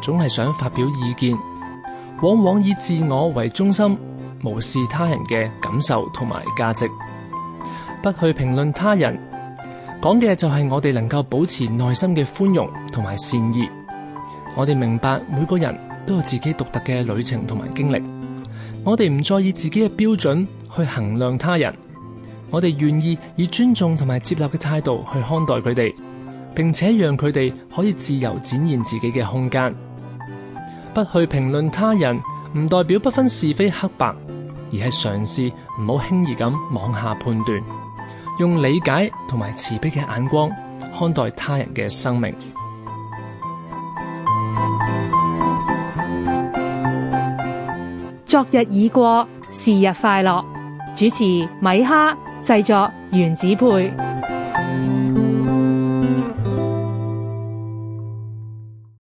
總係想發表意見，往往以自我為中心，無視他人嘅感受同埋價值，不去評論他人。講嘅就係我哋能夠保持內心嘅寬容同埋善意。我哋明白每個人都有自己獨特嘅旅程同埋經歷。我哋唔再以自己嘅標準去衡量他人。我哋願意以尊重同埋接納嘅態度去看待佢哋，並且讓佢哋可以自由展現自己嘅空間。不去評論他人，唔代表不分是非黑白，而係嘗試唔好輕易咁妄下判斷，用理解同埋慈悲嘅眼光看待他人嘅生命。昨日已過，是日快樂。主持米哈，製作原子配。